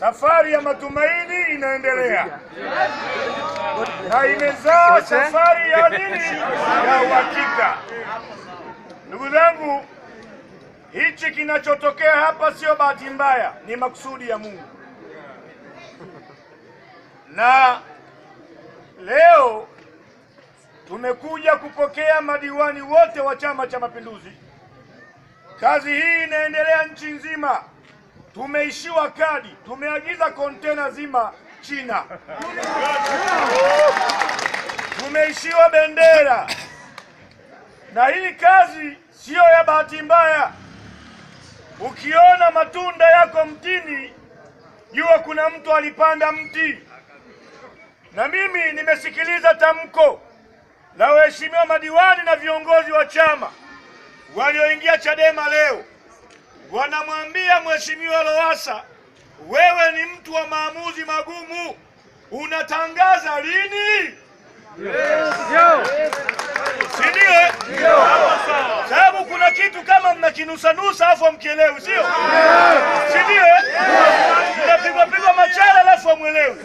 Safari ya matumaini inaendelea na imezaa eh? safari ya nini, ya uhakika. Ndugu zangu, hichi kinachotokea hapa sio bahati mbaya, ni makusudi ya Mungu. Na leo tumekuja kupokea madiwani wote wa Chama cha Mapinduzi. Kazi hii inaendelea nchi nzima tumeishiwa kadi, tumeagiza kontena zima China, tumeishiwa bendera. Na hii kazi siyo ya bahati mbaya. Ukiona matunda yako mtini, jua kuna mtu alipanda mti. Na mimi nimesikiliza tamko la waheshimiwa madiwani na viongozi wa chama walioingia Chadema leo wanamwambia Mheshimiwa Lowassa, wewe ni mtu wa maamuzi magumu, unatangaza lini? Sindio? Sababu kuna kitu kama mnakinusanusa afu amkielewi, sio sindio? Mnapigwapigwa machara alafu amwelewi.